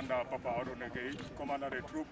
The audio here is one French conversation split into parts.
commandant Papa Arone Gueye commandant des troupes.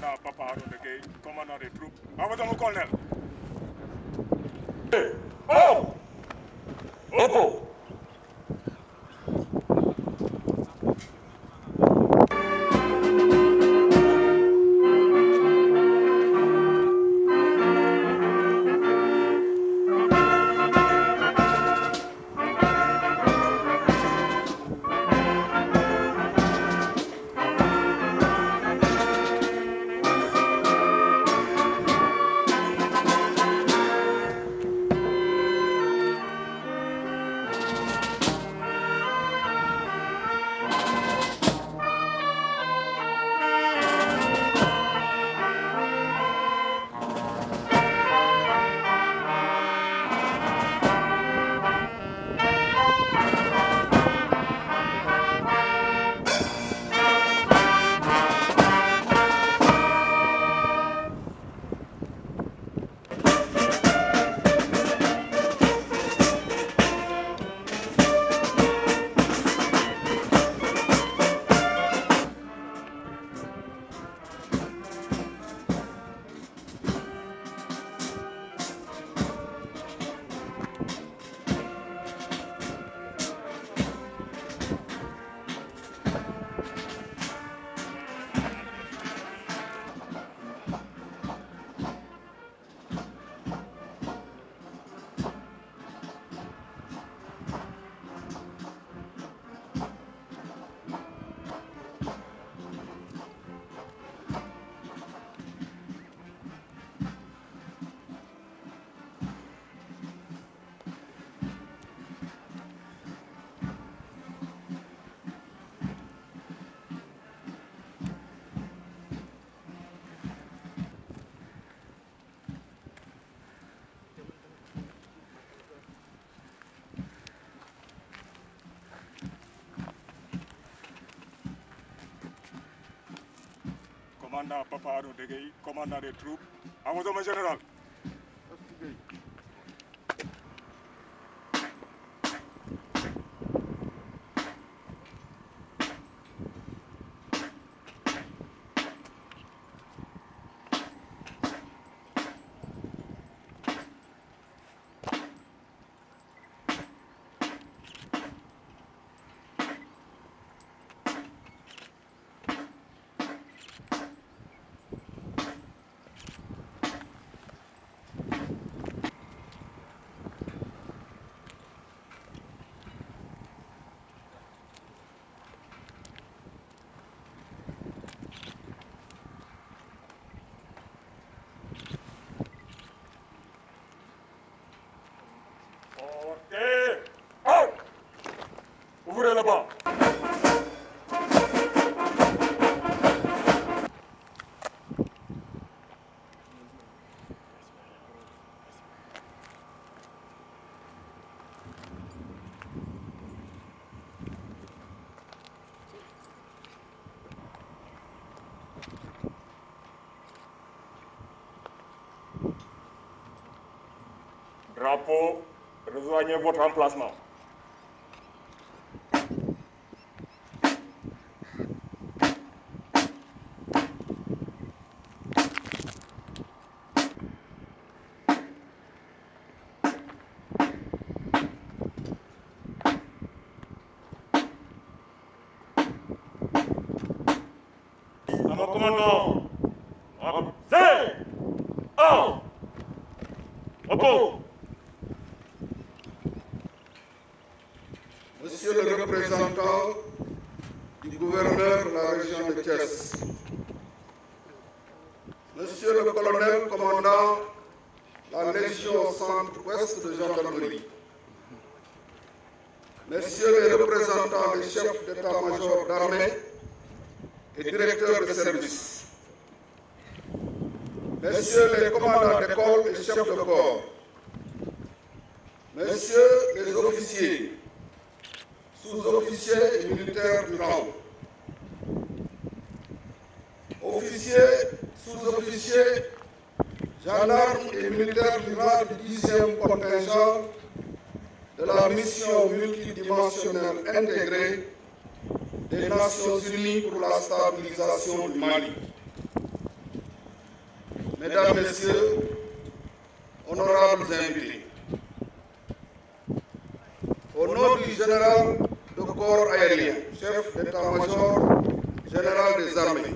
commandant Papa Arun again, commander of the troop. I was colonel. commandant Papa Arou Degay, commandant des troupes. À vos hommes général. the ball. Drapeau, rejoignez votre un repos. Monsieur le représentant du gouverneur de la région de Thiès, Monsieur le colonel commandant la Légion centre-ouest de gendarmerie, Monsieur les représentants des chefs d'état-major d'armée, et directeurs de service, messieurs les commandants d'école et chefs de corps, messieurs les officiers, sous-officiers et militaires du rang, officiers, sous-officiers, gendarmes et militaires du rang du 10e contingent de la mission multidimensionnelle intégrée des Nations Unies pour la stabilisation du Mali. Mesdames, Messieurs, honorables invités, au nom du général de corps aérien, chef d'état-major général des armées,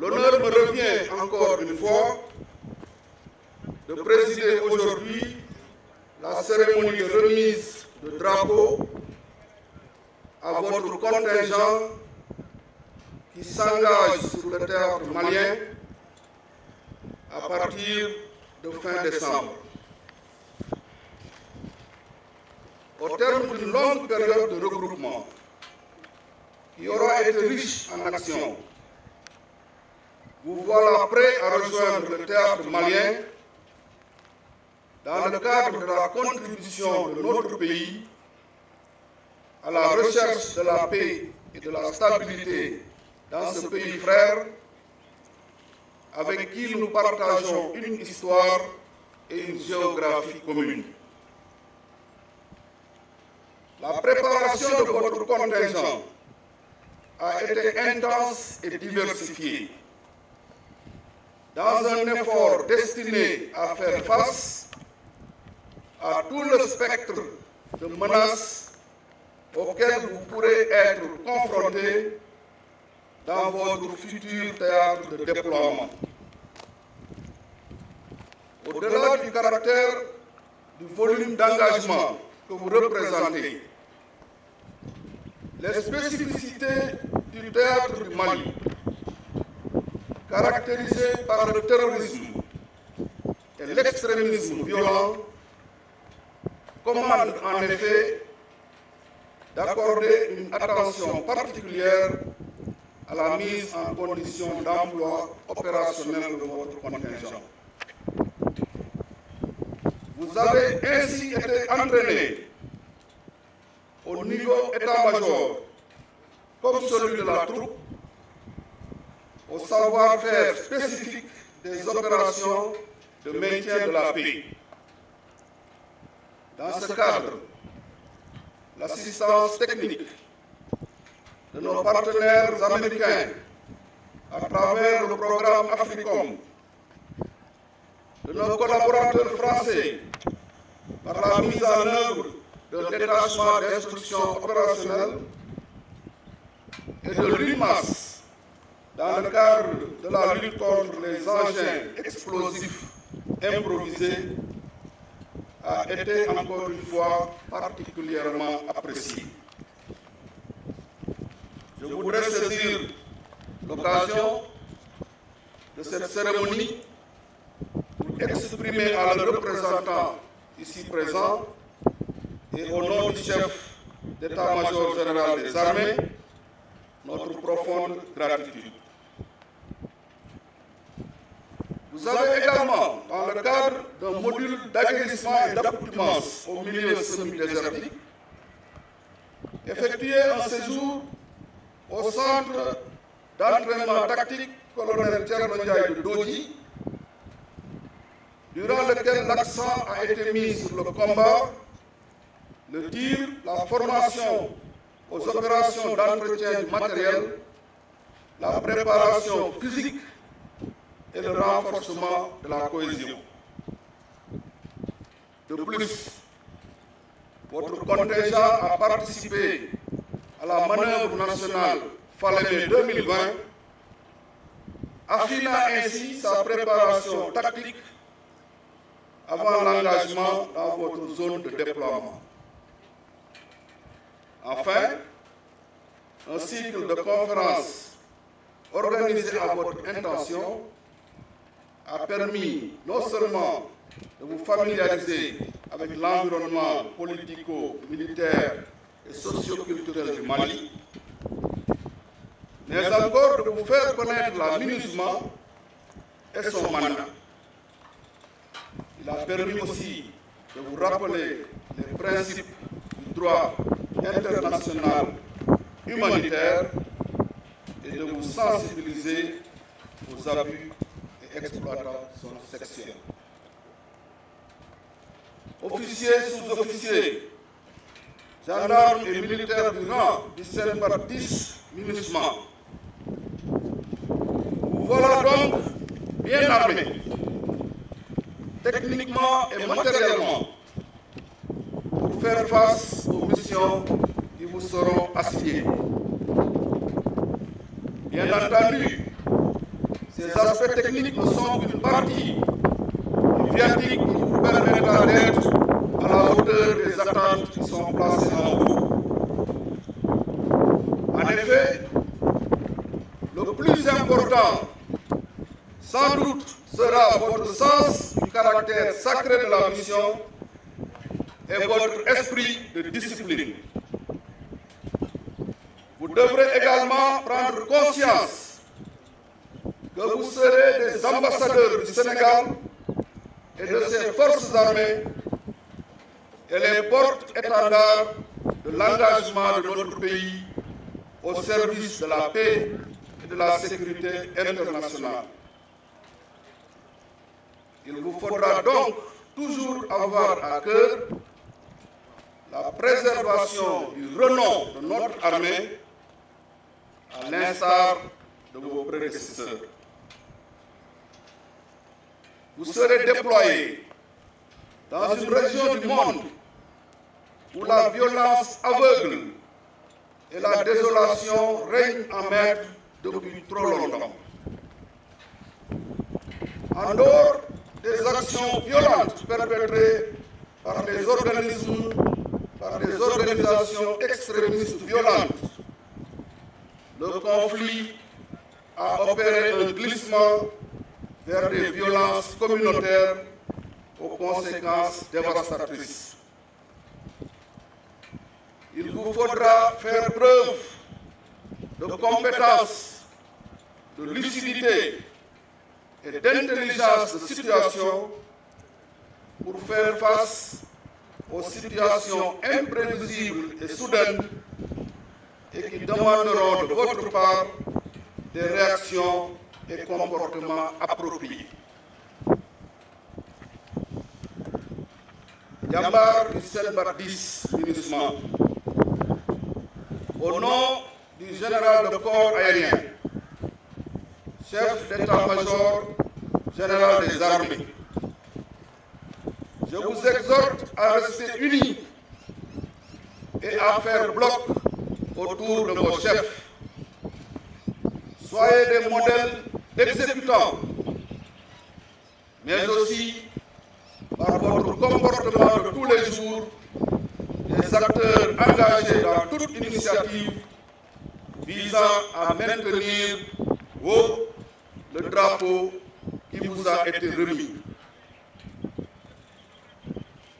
l'honneur me revient encore une fois de présider aujourd'hui la cérémonie de remise de drapeau à votre contingent qui s'engage sur le théâtre malien à partir de fin décembre. Au terme d'une longue période de regroupement qui aura été riche en actions, vous voilà prêt à rejoindre le théâtre malien dans le cadre de la contribution de notre pays à la recherche de la paix et de la stabilité dans ce pays frère, avec qui nous partageons une histoire et une géographie commune. La préparation de votre contingent a été intense et diversifiée. Dans un effort destiné à faire face à tout le spectre de menaces auxquels vous pourrez être confrontés dans votre futur théâtre de déploiement. Au-delà du caractère du volume d'engagement que vous représentez, les spécificités du théâtre du Mali, caractérisées par le terrorisme et l'extrémisme violent, commandent en effet d'accorder une attention particulière à la mise en condition d'emploi opérationnel de votre contingent. Vous avez ainsi été entraîné au niveau état-major comme celui de la troupe, au savoir-faire spécifique des opérations de maintien de la paix. Dans ce cadre, l'assistance technique de nos partenaires américains à travers le programme Africom, de nos collaborateurs français par la mise en œuvre de détachement d'instruction opérationnelle et de l'UMAS dans le cadre de la lutte contre les engins explosifs improvisés a été encore une fois particulièrement apprécié. Je voudrais saisir l'occasion de cette cérémonie pour exprimer à leurs représentants ici présents et au nom du chef d'état-major général des armées notre profonde gratitude. Vous avez également, dans le cadre d'un module d'agréissement et d'accoutumance au milieu semi-désertique, effectué un séjour au centre d'entraînement tactique colonel Tcherno de Doji, durant lequel l'accent a été mis sur le combat, le tir, la formation aux opérations d'entretien du matériel, la préparation physique et le renforcement de la cohésion. De plus, votre contingent a participé à la manœuvre nationale Falemé 2020, affinant ainsi sa préparation tactique avant l'engagement dans votre zone de déploiement. Enfin, un cycle de conférences organisé à votre intention a permis non seulement de vous familiariser avec l'environnement politico-militaire et socio du Mali, mais encore de vous faire connaître la MINUSMA et son mandat. Il a permis aussi de vous rappeler les principes du droit international humanitaire et de vous sensibiliser aux abus exploitant son section. Officiers, sous-officiers, gendarmes et militaires du Nord, décembre par 10 MINUSMA. Voilà donc bien armés, techniquement et matériellement, pour faire face aux missions qui vous seront assignées. Bien entendu, ces aspects techniques ne sont qu'une partie du viatique qui vous permettra d'être à la hauteur des attentes qui sont placées en vous. En effet, le plus important, sans doute, sera votre sens du caractère sacré de la mission et votre esprit de discipline. Vous devrez également prendre conscience que vous serez des ambassadeurs du Sénégal et de ses forces armées et les porte-étendards de l'engagement de notre pays au service de la paix et de la sécurité internationale. Il vous faudra donc toujours avoir à cœur la préservation du renom de notre armée, à l'instar de vos prédécesseurs vous serez déployés dans une région du monde où la violence aveugle et la désolation règnent en maître depuis trop longtemps. En dehors des actions violentes perpétrées par des organismes, par des organisations extrémistes violentes, le conflit a opéré un glissement vers des violences communautaires aux conséquences dévastatrices. Il vous faudra faire preuve de compétence, de lucidité et d'intelligence de situation pour faire face aux situations imprévisibles et soudaines et qui demanderont de votre part des réactions des comportements appropriés. Yambar Michel Bardis, ministre, au nom du général de corps aérien, chef d'état-major général des armées, je vous exhorte à rester unis et à faire bloc autour de vos chefs. Soyez des modèles des mais aussi par votre comportement de tous les jours, les acteurs engagés dans toute initiative visant à maintenir le drapeau qui vous a été remis.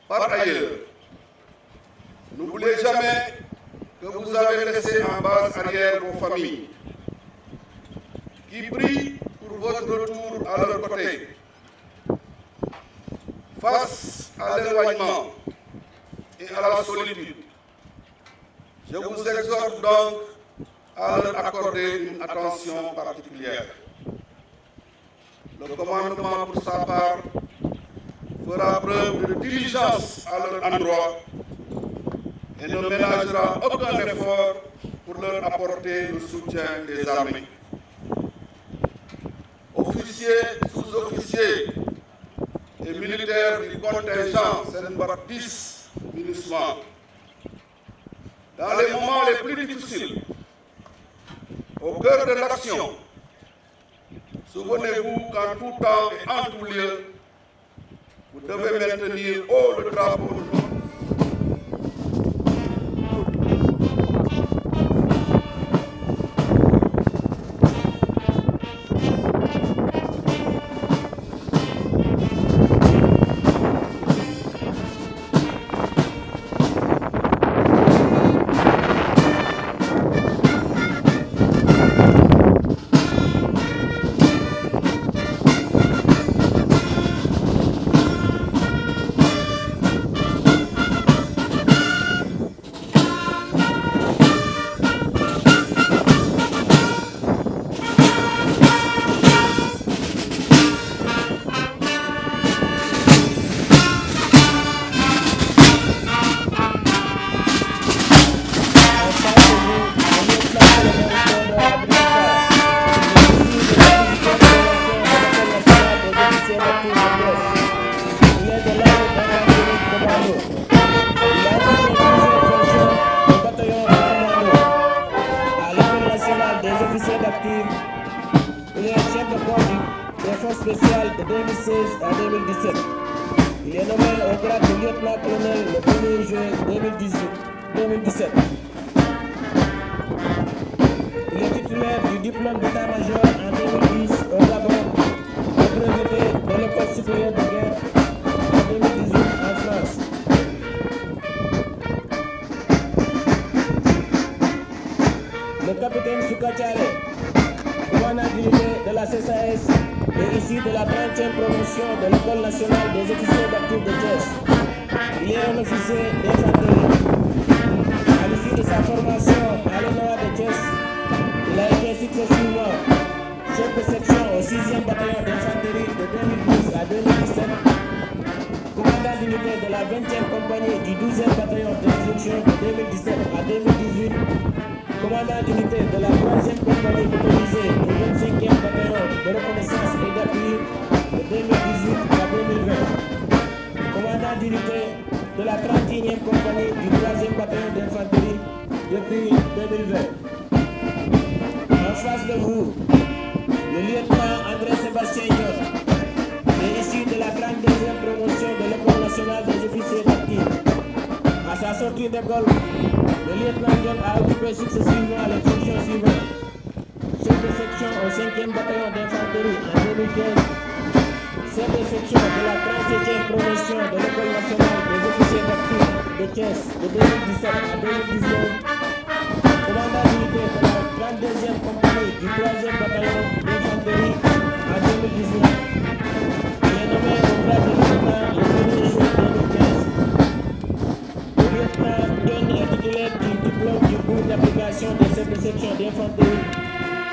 Par ailleurs, n'oubliez jamais que vous avez laissé en base arrière vos familles, qui prient pour votre retour à leur côté. Face à l'éloignement et à la solitude, je vous exhorte donc à leur accorder une attention particulière. Le commandement, pour sa part, fera preuve de diligence à leur endroit et ne ménagera aucun effort pour leur apporter le soutien des armées officiers, sous-officiers et militaires du contingent Saint-Baptiste MINUSMA. Dans les moments les plus difficiles, au cœur de l'action, souvenez-vous qu'en tout temps et en tout lieu, vous devez maintenir haut le drapeau de Guerre en 2018 en France. Le capitaine Soukachale, commandant dirigé de la CSAS, et issu de la 20e promotion de l'École nationale des officiers d'actifs de Thiès. Il est un officier cycle à l'exception section suivante. Chef de section au 5e bataillon d'infanterie en 2015. Chef de section de la 37e promotion de l'École nationale des officiers d'actifs de caisse de 2017 à 2019. réception d'infanterie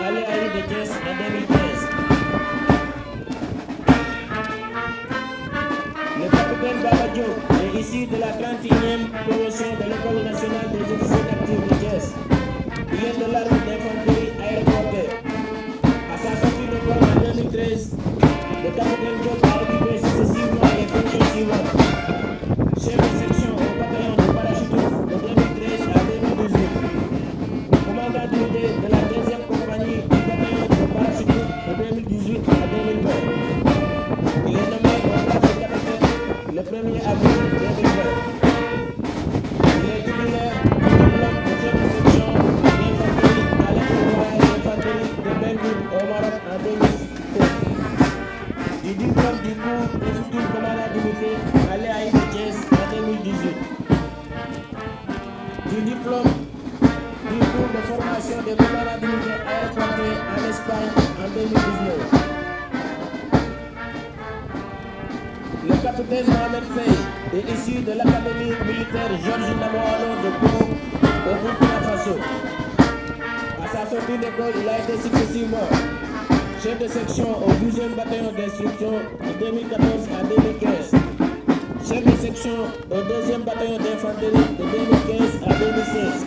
à l'AI de Thiès en 2013. Le capitaine Babadio est issu de la 31e promotion de l'École nationale des officiers d'actifs de Thiès. Il est de l'armée d'infanterie aéroportée. À sa sortie de corps en 2013, le capitaine Diop a occupé successivement les fonctions suivantes. Chef de section l'a été successivement chef de section au 12e bataillon d'instruction de 2014 à 2015, chef de section au 2e bataillon d'infanterie de 2015 à 2016,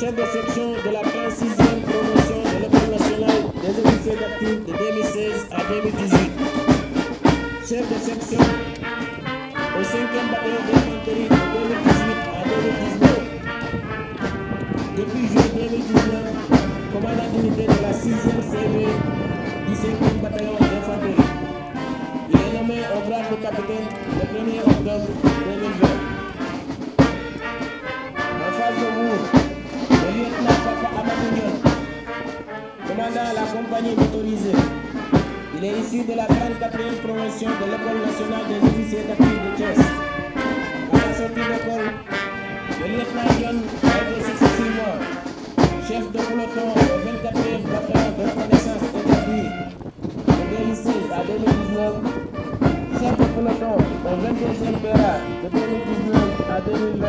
chef de section de la 36e promotion de l'école nationale des officiers d'actifs de 2016 à 2018, chef de section au 5e bataillon d'infanterie de 2018 à 2019. Depuis juillet 2019, commandant l'unité de la 6e CV du 5e bataillon d'infanterie. Il est nommé au grade de capitaine le 1er octobre 2020. En face de vous, le lieutenant Papa Amadou commandant la compagnie motorisée. Il est issu de la 34e promotion de l'École nationale des officiers d'actifs de chasse. À la sortie l'école, le lieutenant John a été successivement Chef de peloton, 24e bataillon de reconnaissance vie, de 2016 à 2019. Chef de peloton, au 22e PRA de 2019 à 2020.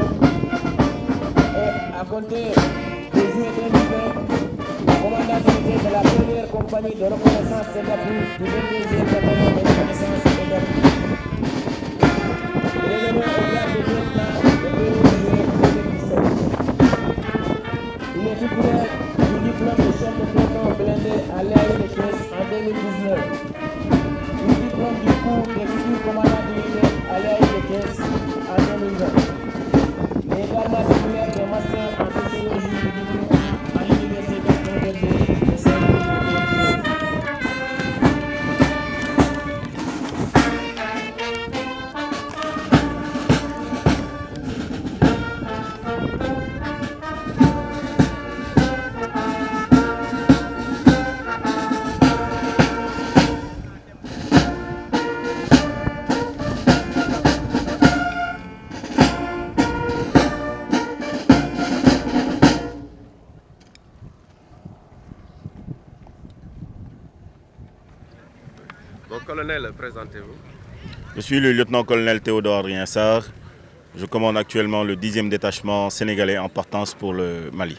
Et à compter de juillet 2020, commandant de la première compagnie de reconnaissance vie, du 22e bataillon de reconnaissance vie. Je suis le lieutenant-colonel Théodore Riensard. Je commande actuellement le 10e détachement sénégalais en partance pour le Mali.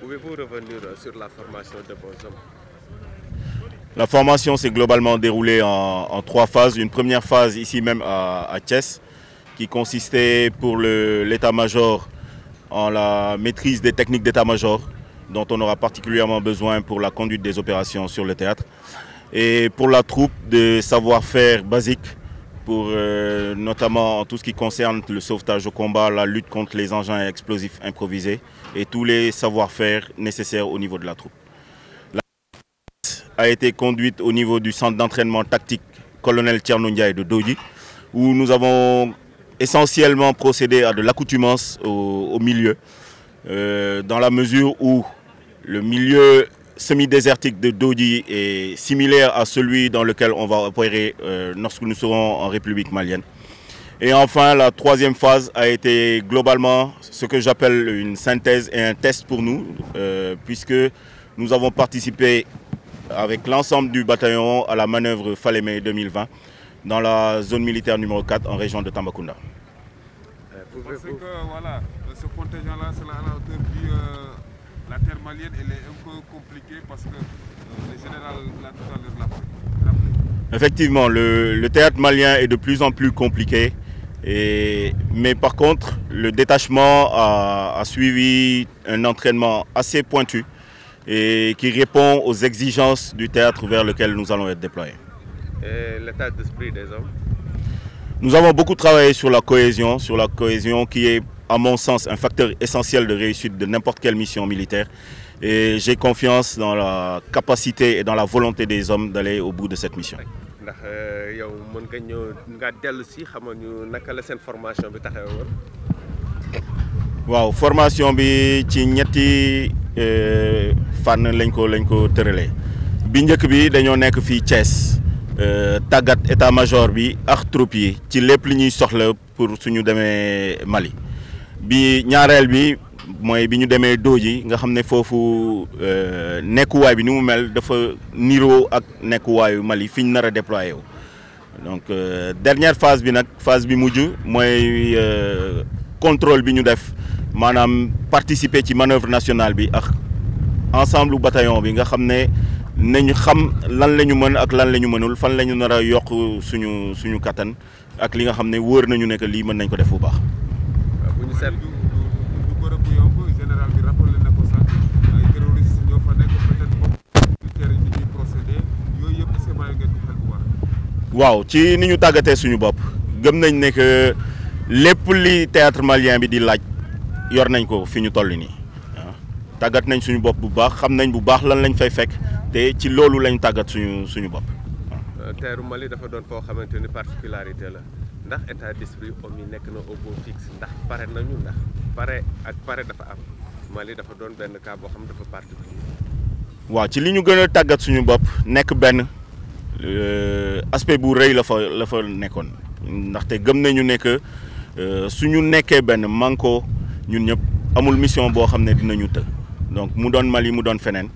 Pouvez-vous revenir sur la formation de La formation s'est globalement déroulée en, trois phases. Une première phase ici même à, à qui consistait pour l'état-major en la maîtrise des techniques d'état-major dont on aura particulièrement besoin pour la conduite des opérations sur le théâtre et pour la troupe de savoir-faire basique pour euh, notamment en tout ce qui concerne le sauvetage au combat, la lutte contre les engins explosifs improvisés et tous les savoir-faire nécessaires au niveau de la troupe. La a été conduite au niveau du centre d'entraînement tactique colonel Tchernondia et de Doji où nous avons essentiellement procédé à de l'accoutumance au, milieu euh, dans la mesure où le milieu semi-désertique de Dodi est similaire à celui dans lequel on va opérer euh, lorsque nous serons en République malienne. Et enfin, la troisième phase a été globalement ce que j'appelle une synthèse et un test pour nous, euh, puisque nous avons participé avec l'ensemble du bataillon à la manœuvre Falemé 2020 dans la zone militaire numéro 4 en région de Tambacounda la terre malienne, est un peu compliquée parce que euh, général l'a tout à l'heure Effectivement, le, théâtre malien est de plus en plus compliqué. mais par contre, le détachement a, suivi un entraînement assez pointu et qui répond aux exigences du théâtre vers lequel nous allons être déployés. L'état d'esprit des hommes Nous avons beaucoup travaillé sur la cohésion, sur la cohésion qui est à mon sens, un facteur essentiel de réussite de n'importe quelle mission militaire. Et j'ai confiance dans la capacité et dans la volonté des hommes d'aller au bout de cette mission. Wow, euh, la formation bi waaw formation bi ci ñetti euh, fan lañ ko lañ ko tëralee bi bi dañoo nekk fi Thiès euh, tagat état major bi ak troupes yi ci lepp li ñuy soxla pour suñu démé Mali bi ñaarel bi moy biñu démé demee Dooji nga xam ne foofu euh, nekkuwaay bi ni mu mel dafa niro ak nekkuwaayu Mali fi nara déployer déployé donc euh, dernière phase bi nak phase bi moy euh contrôle bi ñu def manam participer ci manœuvre nationale bi ak ensemble bataillon bi nga xamné nañu xam lan lañu mën ak lan lañu mënul fan lañu nara yok suñu suñu kattan ak li nga xamné wër nañu nek li mën nañ ko def bu baax. Sène du nah, ci niñu tagaté suñu bop gëm nañ né que lépp li théâtre malien bi di laaj yor nañ ko fiñu ñu toll nii ah. tàggat nañ suñu bop bu baax xam nañ bu baax lan lañ fay fekk té ci loolu lañ tagat suñu suñu bop ah. euh, théâtre Mali dafa doon fo xamanteni particularité la. ndax état d'esprit homme yi nekk na au beau fixe ndax pare nañu ndax pare ak pare dafa am Mali dafa doon benn kaa boo xam dafa particulier waaw ci li ñu gën a tàggat suñu bopp nekk benn euh, aspect bu rëy la fa la fa nekkoon ndaxte gëm nañu ne que euh, suñu nekkee benn manko ñun ñëpp amul mission boo xam ne dinañu të donc mu doon Mali mu doon feneen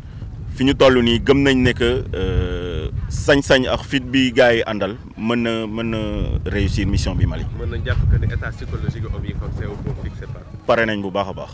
fi ñu toll nii gëm nañ ne que euh, sañ-sañ ak fit bi gaay andal mën na mën réussir mission bi Mali. mën nañ jàpp que état psychologique homme yi comme c'est au bon fixé par. pare nañ bu baax a baax.